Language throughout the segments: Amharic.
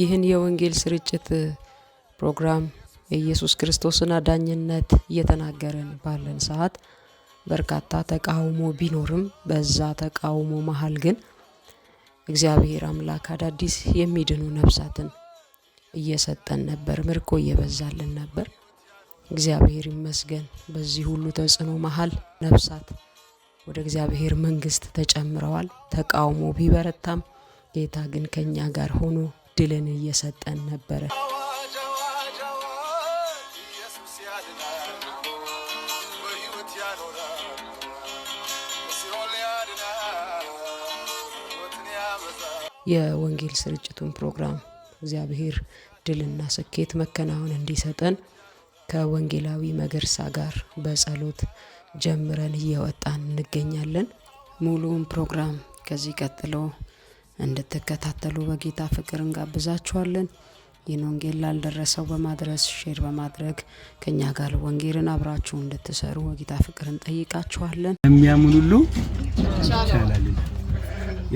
ይህን የወንጌል ስርጭት ፕሮግራም የኢየሱስ ክርስቶስን አዳኝነት እየተናገርን ባለን ሰዓት በርካታ ተቃውሞ ቢኖርም በዛ ተቃውሞ መሀል ግን እግዚአብሔር አምላክ አዳዲስ የሚድኑ ነፍሳትን እየሰጠን ነበር። ምርኮ እየበዛልን ነበር። እግዚአብሔር ይመስገን። በዚህ ሁሉ ተጽዕኖ መሀል ነፍሳት ወደ እግዚአብሔር መንግስት ተጨምረዋል። ተቃውሞ ቢበረታም ጌታ ግን ከእኛ ጋር ሆኖ ድልን እየሰጠን ነበረ። የወንጌል ስርጭቱን ፕሮግራም እግዚአብሔር ድልና ስኬት መከናወን እንዲሰጠን ከወንጌላዊ መገርሳ ጋር በጸሎት ጀምረን እየወጣን እንገኛለን። ሙሉውን ፕሮግራም ከዚህ ቀጥሎ እንድትከታተሉ በጌታ ፍቅር እንጋብዛችኋለን። ይህን ወንጌል ላልደረሰው በማድረስ ሼር በማድረግ ከእኛ ጋር ወንጌልን አብራችሁ እንድትሰሩ በጌታ ፍቅር እንጠይቃችኋለን። የሚያምን ሁሉ ይቻላል።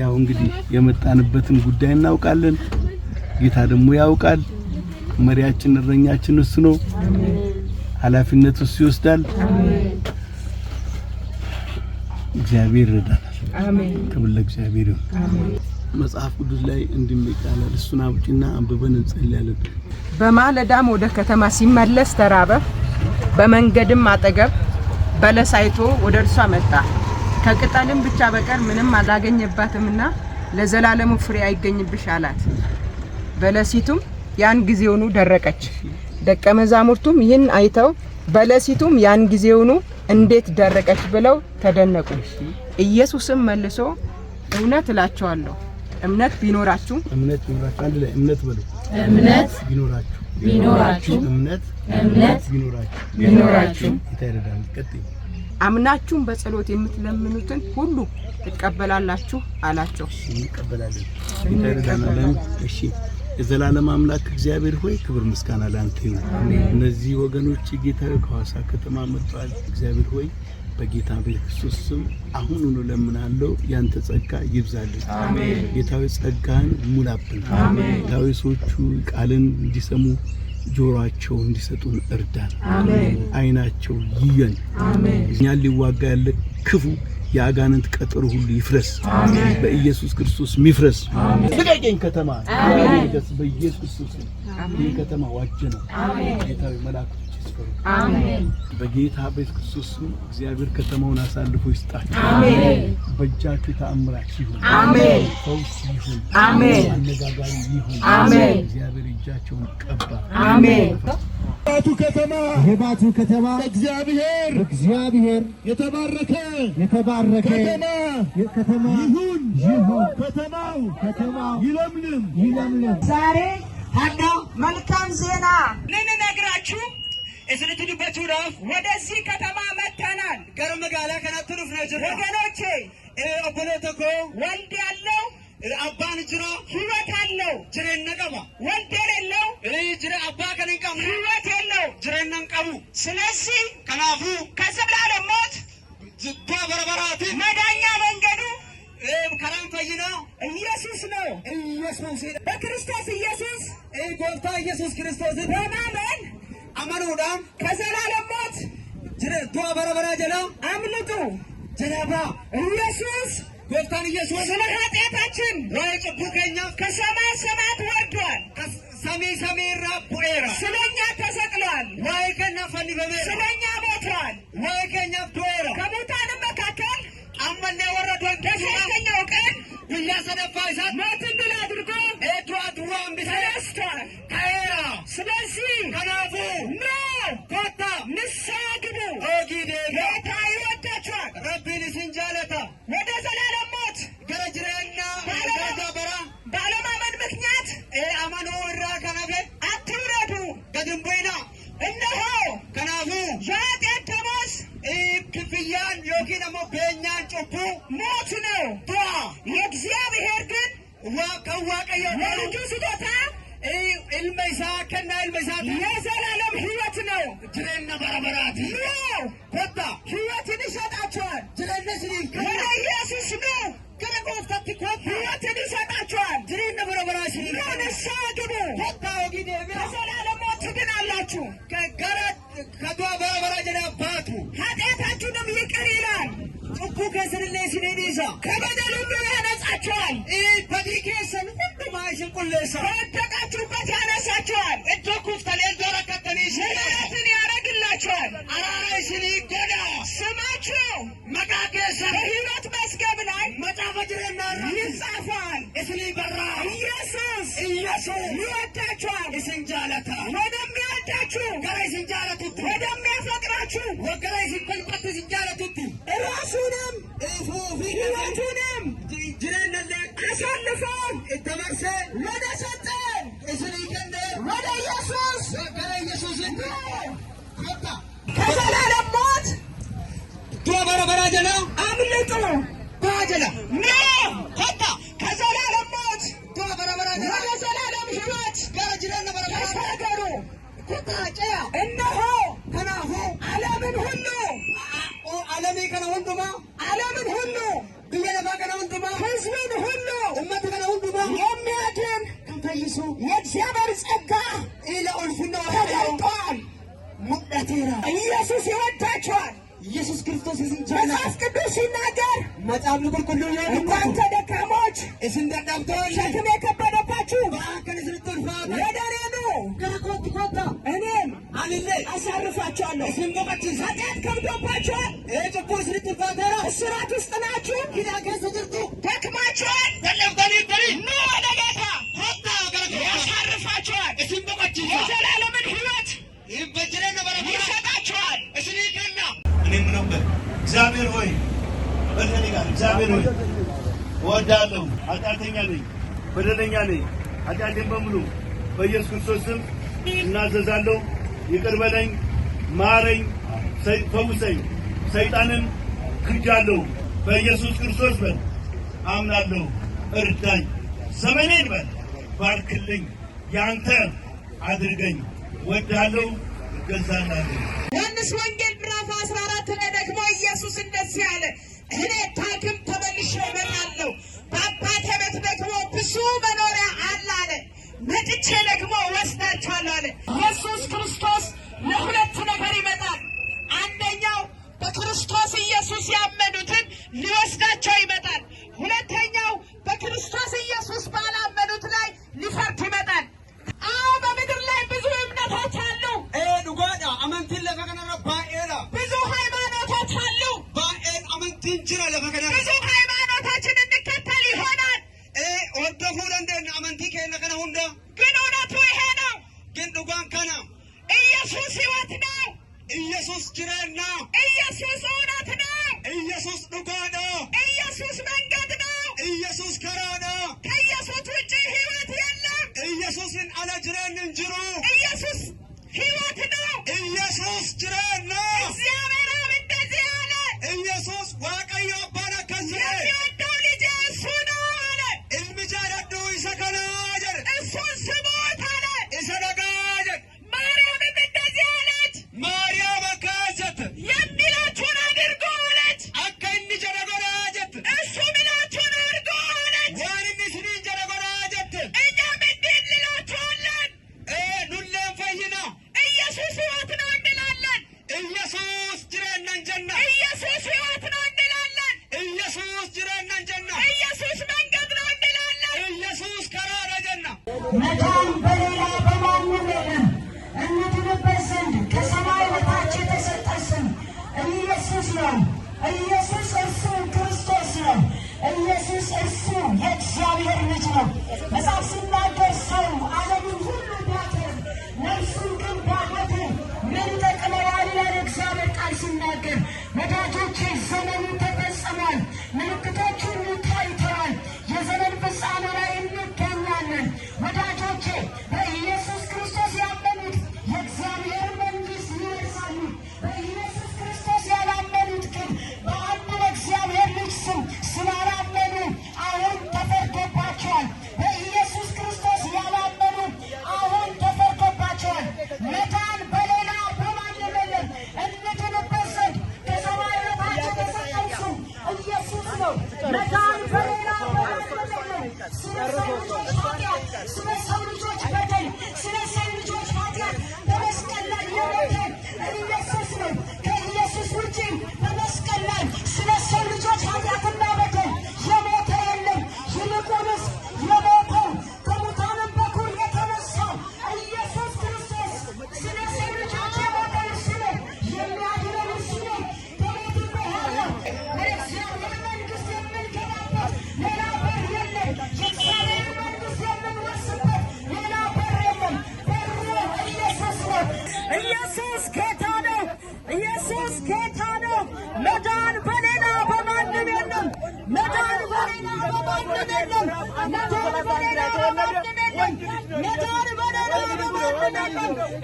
ያው እንግዲህ የመጣንበትን ጉዳይ እናውቃለን። ጌታ ደግሞ ያውቃል። መሪያችን እረኛችን እሱ ነው። ኃላፊነት እሱ ይወስዳል። እግዚአብሔር ይረዳናል። ክብር ለእግዚአብሔር ይሁን። መጽሐፍ ቅዱስ ላይ እንድንቃላል እሱን አውጪና አንብበን እንጸልያለን። በማለዳም ወደ ከተማ ሲመለስ ተራበ። በመንገድም አጠገብ በለስ አይቶ ወደ እርሷ መጣ። ከቅጠልም ብቻ በቀር ምንም አላገኘባትምና ለዘላለሙ ፍሬ አይገኝብሽ አላት። በለሲቱም ያን ጊዜውኑ ደረቀች። ደቀ መዛሙርቱም ይህን አይተው በለሲቱም ያን ጊዜውኑ እንዴት ደረቀች ብለው ተደነቁ። ኢየሱስም መልሶ እውነት እላቸዋለሁ እምነት ቢኖራችሁ እምነት ቢኖራችሁ አንድ ላይ እምነት በሉ። እምነት ቢኖራችሁ ቢኖራችሁ እምነት እምነት ቢኖራችሁ ቢኖራችሁ ጌታ ቀጥይ አምናችሁም በጸሎት የምትለምኑትን ሁሉ ትቀበላላችሁ አላቸው። እንቀበላለን። ጌታ ይረዳናል። እሺ የዘላለም አምላክ እግዚአብሔር ሆይ ክብር ምስጋና ለአንተ ይሁን። እነዚህ ወገኖች ጌታ ከሐዋሳ ከተማ መጥተዋል። እግዚአብሔር ሆይ በጌታ በኢየሱስ ስም አሁን ሆኖ ለምናለው። ያንተ ጸጋ ይብዛልን። አሜን። ጌታዊ ጸጋን ሙላብን። ጌታዊ ሰዎቹ ቃልን እንዲሰሙ ጆሮአቸው እንዲሰጡን እርዳን። አሜን። አይናቸው ይየን። አሜን። እኛን ሊዋጋ ያለ ክፉ የአጋንንት ቀጥር ሁሉ ይፍረስ፣ አሜን። በኢየሱስ ክርስቶስ ይፍረስ። ልቀቀኝ ከተማ አሜን። በኢየሱስ ክርስቶስ ይህ ከተማ ዋጀ ነው ጌታዊ መላእክት ያስፈሩ። በጌታ በኢየሱስ ክርስቶስ እግዚአብሔር ከተማውን አሳልፎ ይስጣችሁ። አሜን። በእጃችሁ ተአምራት ይሁን። አሜን። ፈውስ ይሁን። አሜን። አነጋጋሪ ይሁን። አሜን። እግዚአብሔር እጃቸውን ቀባ። አሜን። ባቱ ከተማ የባቱ ከተማ እግዚአብሔር እግዚአብሔር የተባረከ የተባረከ ከተማ ከተማ ይሁን ይሁን። ከተማው ከተማው ይለምልም ይለምልም። ዛሬ አዳ መልካም ዜና ምን ነግራችሁ ወደዚህ ከተማ መጥተናል። ወገኖቼ ወልድ ያለው አባን ጅሮ ህይወት አለው ጅሬን ቀባ ወልድ የሌለው ጅሬ አባ ከንን ህይወት የለው ጅሬነን ቀሙ ስለዚህ ከናፉ ከዘላለም ሞት ዝባ በረበራት መዳኛ መንገዱ ከራን ፈይና ኢየሱስ ነው። ኢየሱስ በክርስቶስ ኢየሱስ ጎብታ ኢየሱስ ክርስቶስ በማመን አመኑዳም ከዘላለም ሞት ጅሬቷ በረበራ ጀላ አምልጡ ጀላባ ኢየሱስ ጎፍታን ኢየሱስ ስለ ኃጢአታችን ራይ ጭቡከኛ ከሰማይ ሰማት ወርዷል። ሰሜ ሰሜ ራ ቡኤራ ስለኛ ተሰቅሏል። ዋይገኛ ፈኒ በሜ ስለኛ ሞቷል። ዋይገኛ ቡኤራ ከሙታንም መካከል አመና የወረደውን በሦስተኛው ቀን ብያሰነፋ ይሳት ሞትን ድል አድርጎ ኤድዋ ድዋ ተነስቷል። ስለዚህ ቀናፉ ኖ ኮታ ንሳ ግቡ ኦጊዴ ጌታ ይወዳችኋል ረቢን ስንጃለታ ወደ ኃጢአታችሁ ኃጢአታችሁንም ይቅር ይላል። ጽኩ ከስርለ ሲኔኔዛ ከበደል ሁሉ ያነጻችኋል። በዲኬሰን ሁሉ ማይሽንቁሌሳ በወደቃችሁበት ያነሳችኋል። እጆኩፍተል ኤልዶረከተኒስ ምሕረትን ያደርግላችኋል። አራራይስኒ ጎዳ ስማችሁ መቃኬሰ በሕይወት መዝገብ ላይ መጽሐፈ ይጻፋል። እስኒ በራ ኢየሱስ ኢየሱስ ይወዳችኋል። እስንጃለታ ወደ ሲያፈቅራችሁ ወገላይ ሲንጃለ ቱቱ ወደሚያፈቅራችሁ ወገላይ ሲበልበት ሲንጃለ ቱቱ ራሱንም ሕይወቱንም ጅረነለ አሳልፎ እተመርሰ ወደ ሰጠን እስን ይቀነ ወደ ኢየሱስ ወገለ ኢየሱስን ከታ ከዘላለም ሞት ዱበረ በራጀላ አምልጡ በራጀላ ና ቁጣጨያ እነሆ ከናሁ ዓለምን ሁሉ ዓለሜ ከናሁ ሁሉማ ዓለምን ከብዶባቸዋል። የጭቁር ስርጭት ፈጠራ እስራት ውስጥ ናችሁ። ሂዳገ ስድርቱ ደክማቸዋል። በለም በሪ በሪ ኑ ወደ ጌታ ሀታ ገረግ ያሳርፋቸዋል። እሲም በቆች የዘላለምን ህይወት ይበጅረ ነበረ ይሰጣቸዋል። እስኒ ደና እኔ ምነበር እግዚአብሔር ሆይ በተኔ ጋር እግዚአብሔር ሆይ እወዳለሁ። ኃጢአተኛ ነኝ፣ በደለኛ ነኝ። ኃጢአቴን በሙሉ በኢየሱስ ክርስቶስ ስም እናዘዛለሁ። ይቅር በለኝ፣ ማረኝ ፈውሰኝ፣ ሰይጣንን ክጃለሁ፣ በኢየሱስ ክርስቶስ በል አምናለሁ፣ እርዳኝ፣ ዘመኔን በል ባርክልኝ፣ ያንተ አድርገኝ፣ ወዳለው እገዛላለሁ። ዮሐንስ ወንጌል ምዕራፍ 14 ላይ ደግሞ ኢየሱስ እንደዚህ አለ፣ እኔ ዳግም ተመልሼ እመጣለሁ፣ በአባቴ ቤት ደግሞ ብዙ መኖሪያ አለ አለ፣ መጥቼ ደግሞ እወስዳችኋለሁ አለ ኢየሱስ ክርስቶስ ለሁለት በክርስቶስ ኢየሱስ ያመኑትን ሊወስዳቸው ይመጣል። ሁለተኛው በክርስቶስ ኢየሱስ ባላመኑት ላይ ሊፈርድ ይመጣል። አዎ በምድር ላይ ብዙ እምነቶች አሉ። eh, వాళ్ళకయ్యా መዳን በሌላ በማንም የለም። እንድንበት ዘንድ ከሰማይ በታች የተሰጠ ስም ኢየሱስ ነው። ኢየሱስ እርሱ ክርስቶስ ነው። ኢየሱስ እርሱ የእግዚአብሔር ልጅ ነው። መጽሐፍ ሲናገር ሰው አለ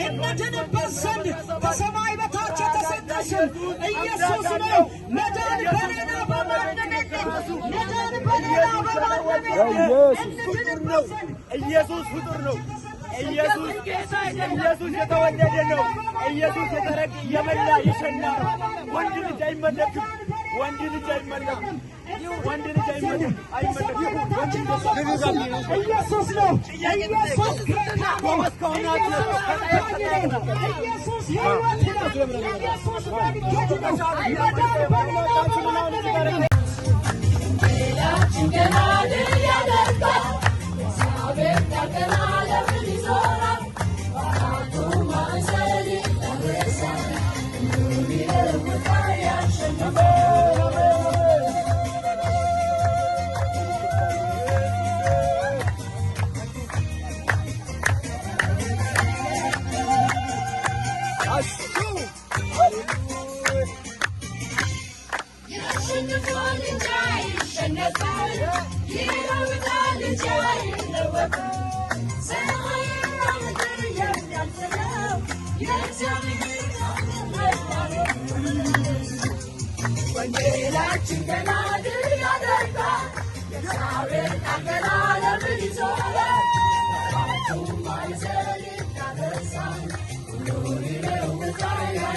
የድንበዘንድ ከሰማይ በታች የተሰጠሽን ኢየሱስ ነው። መዳን በሌላ በማንነቅም መዳን በሌላ በማንነቅም ኢየሱስ ፍጡር ነው። ኢየሱስ ኢየሱስ የተወደደ ነው። ኢየሱስ የተረግ የመላ ይሸና ወንድ ልጅ አይመለክም ወንድን አይመለክም። ወንድን አይመለክም። ኢየሱስ ነው። ኢየሱስ ጌታ ነው። ኢየሱስ ሕይወት ነው። ኢየሱስ መድኃኒት ነው። አይመዳን በሌላ በምንም ሌላ ችንገናድል ያደርጋል እግዚአብሔር ያቀናለምን ይዞ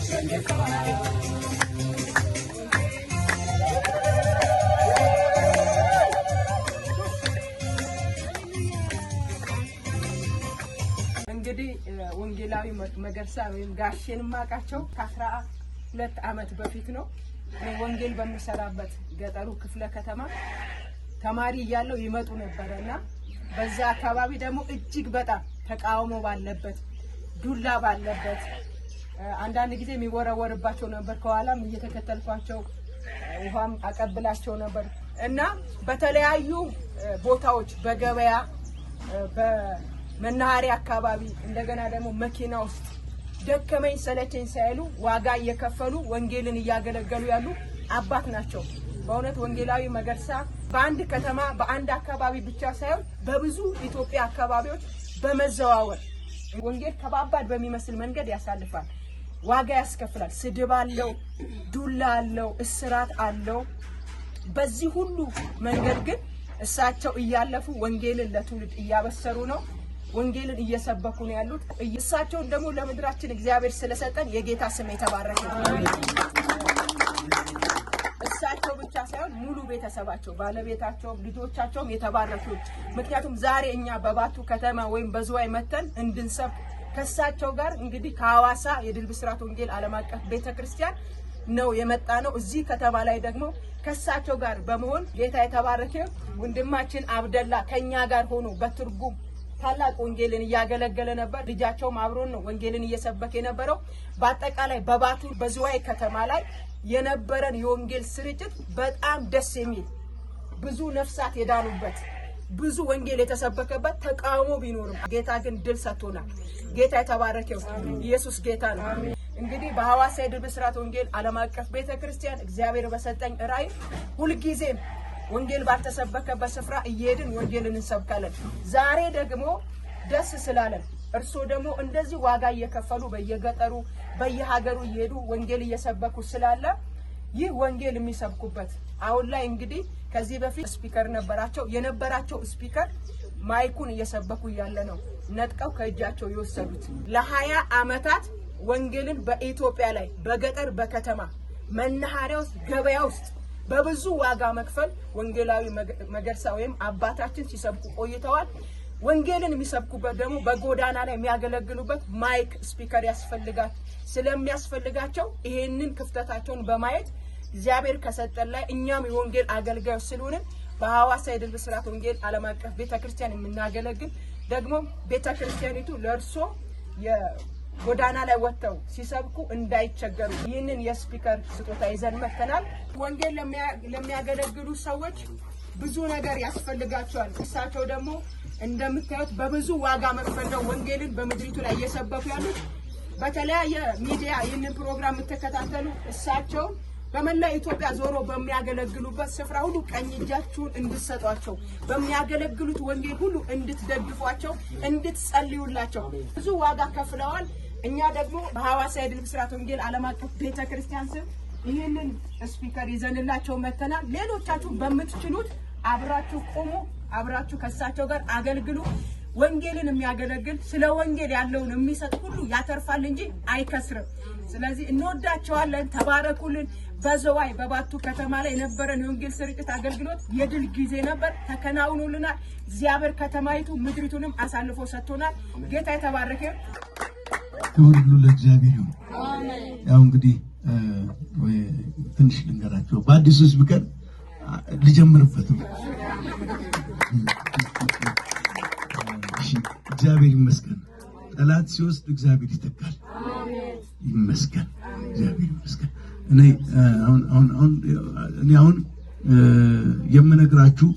እንግዲህ ወንጌላዊ መገርሳ ወይም ጋሼን ማውቃቸው ከአስራ ሁለት አመት በፊት ነው። ወንጌል በምሰራበት ገጠሩ ክፍለ ከተማ ተማሪ እያለው ይመጡ ነበረ እና በዛ አካባቢ ደግሞ እጅግ በጣም ተቃውሞ ባለበት ዱላ ባለበት አንዳንድ ጊዜ የሚወረወርባቸው ነበር። ከኋላም እየተከተልኳቸው ውሃም አቀብላቸው ነበር እና በተለያዩ ቦታዎች በገበያ በመናኸሪያ አካባቢ እንደገና ደግሞ መኪና ውስጥ ደከመኝ ሰለቸኝ ሳይሉ ዋጋ እየከፈሉ ወንጌልን እያገለገሉ ያሉ አባት ናቸው። በእውነት ወንጌላዊ መገርሳ በአንድ ከተማ በአንድ አካባቢ ብቻ ሳይሆን በብዙ ኢትዮጵያ አካባቢዎች በመዘዋወር ወንጌል ከባባድ በሚመስል መንገድ ያሳልፋል። ዋጋ ያስከፍላል። ስድብ አለው፣ ዱላ አለው፣ እስራት አለው። በዚህ ሁሉ መንገድ ግን እሳቸው እያለፉ ወንጌልን ለትውልድ እያበሰሩ ነው። ወንጌልን እየሰበኩ ነው ያሉት። እሳቸውን ደግሞ ለምድራችን እግዚአብሔር ስለሰጠን የጌታ ስም የተባረከ። እሳቸው ብቻ ሳይሆን ሙሉ ቤተሰባቸው፣ ባለቤታቸውም፣ ልጆቻቸውም የተባረኩ። ምክንያቱም ዛሬ እኛ በባቱ ከተማ ወይም በዝዋይ መተን እንድንሰብክ ከሳቸው ጋር እንግዲህ ከሐዋሳ የድል ብስራት ወንጌል ዓለም አቀፍ ቤተክርስቲያን ነው የመጣ ነው። እዚህ ከተማ ላይ ደግሞ ከሳቸው ጋር በመሆን ጌታ የተባረከ ወንድማችን አብደላ ከኛ ጋር ሆኖ በትርጉም ታላቅ ወንጌልን እያገለገለ ነበር። ልጃቸውም አብሮን ነው ወንጌልን እየሰበከ የነበረው። በአጠቃላይ በባቱ በዝዋይ ከተማ ላይ የነበረን የወንጌል ስርጭት በጣም ደስ የሚል ብዙ ነፍሳት የዳኑበት ብዙ ወንጌል የተሰበከበት ተቃውሞ ቢኖርም ጌታ ግን ድል ሰጥቶናል። ጌታ የተባረከ ኢየሱስ ጌታ ነው። እንግዲህ በሐዋሳ የድል ብስራት ወንጌል ዓለም አቀፍ ቤተ ክርስቲያን እግዚአብሔር በሰጠኝ ራእይ ሁልጊዜም ወንጌል ባልተሰበከበት ስፍራ እየሄድን ወንጌልን እንሰብካለን። ዛሬ ደግሞ ደስ ስላለን እርስዎ ደግሞ እንደዚህ ዋጋ እየከፈሉ በየገጠሩ በየሀገሩ እየሄዱ ወንጌል እየሰበኩ ስላለ ይህ ወንጌል የሚሰብኩበት አሁን ላይ እንግዲህ ከዚህ በፊት ስፒከር ነበራቸው። የነበራቸው ስፒከር ማይኩን እየሰበኩ እያለ ነው ነጥቀው ከእጃቸው የወሰዱት። ለሀያ አመታት ወንጌልን በኢትዮጵያ ላይ በገጠር በከተማ መናኸሪያ ውስጥ ገበያ ውስጥ በብዙ ዋጋ መክፈል ወንጌላዊ መገርሳ ወይም አባታችን ሲሰብኩ ቆይተዋል። ወንጌልን የሚሰብኩበት ደግሞ በጎዳና ላይ የሚያገለግሉበት ማይክ ስፒከር ያስፈልጋል። ስለሚያስፈልጋቸው ይሄንን ክፍተታቸውን በማየት እግዚአብሔር ከሰጠን ላይ እኛም የወንጌል አገልጋዮች ስለሆንን በሐዋሳ የድል ብስራት ወንጌል ዓለም አቀፍ ቤተክርስቲያን የምናገለግል ደግሞ ቤተክርስቲያኒቱ ለእርሶ ጎዳና ላይ ወጥተው ሲሰብኩ እንዳይቸገሩ ይህንን የስፒከር ስጦታ ይዘን መጥተናል። ወንጌል ለሚያገለግሉ ሰዎች ብዙ ነገር ያስፈልጋቸዋል። እሳቸው ደግሞ እንደምታዩት በብዙ ዋጋ መክፈል ነው ወንጌልን በምድሪቱ ላይ እየሰበኩ ያሉት። በተለያየ ሚዲያ ይህንን ፕሮግራም የምትከታተሉ እሳቸውን በመላ ኢትዮጵያ ዞሮ በሚያገለግሉበት ስፍራ ሁሉ ቀኝ እጃችሁን እንድትሰጧቸው በሚያገለግሉት ወንጌል ሁሉ እንድትደግፏቸው፣ እንድትጸልዩላቸው ብዙ ዋጋ ከፍለዋል። እኛ ደግሞ በሐዋሳ የድል ብስራት ወንጌል ዓለም አቀፍ ቤተ ክርስቲያን ስም ይህንን ስፒከር ይዘንላቸው መተናል። ሌሎቻችሁ በምትችሉት አብራችሁ ቁሙ፣ አብራችሁ ከእሳቸው ጋር አገልግሉ። ወንጌልን የሚያገለግል ስለ ወንጌል ያለውን የሚሰጥ ሁሉ ያተርፋል እንጂ አይከስርም። ስለዚህ እንወዳቸዋለን። ተባረኩልን። በዘዋይ በባቱ ከተማ ላይ የነበረን የወንጌል ስርጭት አገልግሎት የድል ጊዜ ነበር፣ ተከናውኖልናል። እግዚአብሔር ከተማይቱ ምድሪቱንም አሳልፎ ሰጥቶናል። ጌታ የተባረከ ክብር ሁሉ ለእግዚአብሔር ይሁን። ያው እንግዲህ ትንሽ ልንገራቸው በአዲሱ ህዝብ ቀን ልጀምርበትም እግዚአብሔር ይመስገን። ጠላት ሲወስድ እግዚአብሔር ይተካል። ይመስገን፣ እግዚአብሔር ይመስገን። እኔ አሁን የምነግራችሁ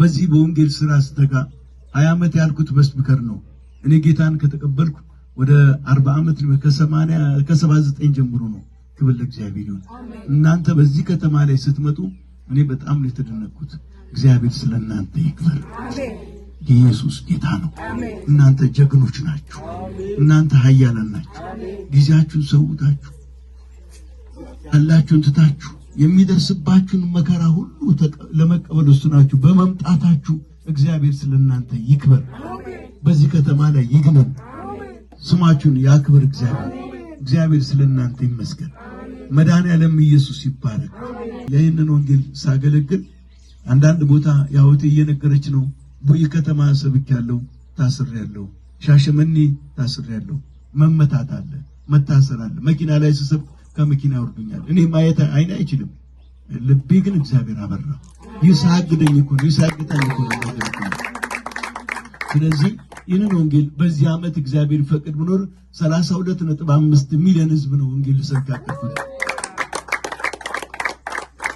በዚህ በወንጌል ስራ ስተጋ ሀያ ዓመት ያልኩት በስብከር ነው። እኔ ጌታን ከተቀበልኩ ወደ አርባ ዓመት ከሰባ ዘጠኝ ጀምሮ ነው። ክብር ለእግዚአብሔር ይሁን። እናንተ በዚህ ከተማ ላይ ስትመጡ እኔ በጣም ነው የተደነቅኩት። እግዚአብሔር ስለ እናንተ ይክበር። ኢየሱስ ጌታ ነው። እናንተ ጀግኖች ናችሁ። እናንተ ኃያላን ናችሁ። ጊዜያችሁን ሰውታችሁ ያላችሁን ትታችሁ የሚደርስባችሁን መከራ ሁሉ ለመቀበል ወስናችሁ በመምጣታችሁ እግዚአብሔር ስለ እናንተ ይክበር፣ በዚህ ከተማ ላይ ይግነን፣ ስማችሁን ያክብር። እግዚአብሔር እግዚአብሔር ስለ እናንተ ይመስገን። መድኃኔዓለም ኢየሱስ ይባረክ። ይህንን ወንጌል ሳገለግል አንዳንድ ቦታ ያወቴ እየነገረች ነው ቡይ ከተማ ሰብክ ያለው ታስር ያለው ሻሸመኔ ታስር ያለው መመታት አለ፣ መታሰር አለ። መኪና ላይ ስሰብክ ከመኪና ያወርዱኛል። እኔ ማየት አይን አይችልም፣ ልቤ ግን እግዚአብሔር አበራ። ይሳግደኝ እኮ ነው ይሳግደኝ እኮ ስለዚህ ይህንን ወንጌል በዚህ ዓመት እግዚአብሔር ፈቅድ ብኖር ሁለት ነጥብ አምስት ሚሊዮን ህዝብ ነው ወንጌል ልሰብክ ያቀርኩት።